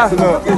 ah.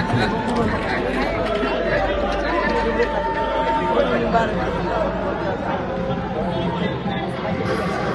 Thank you.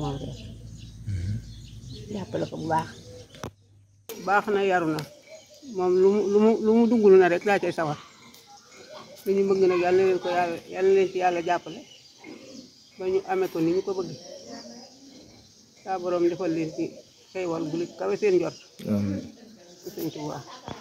moom mm-hmm. jàppale ko bu baax baax na yaru na moom lu mu lu mu lu mu na rek laa cay sawar li ñu bëgg nag yàlla leen ko yàlla yàlla leen ci yàlla jàppale ba ñu amee ko ni ñu ko bëgg saa borom defal leen ci xéewal bu kawe seen njort amiin sëñ Tuubaa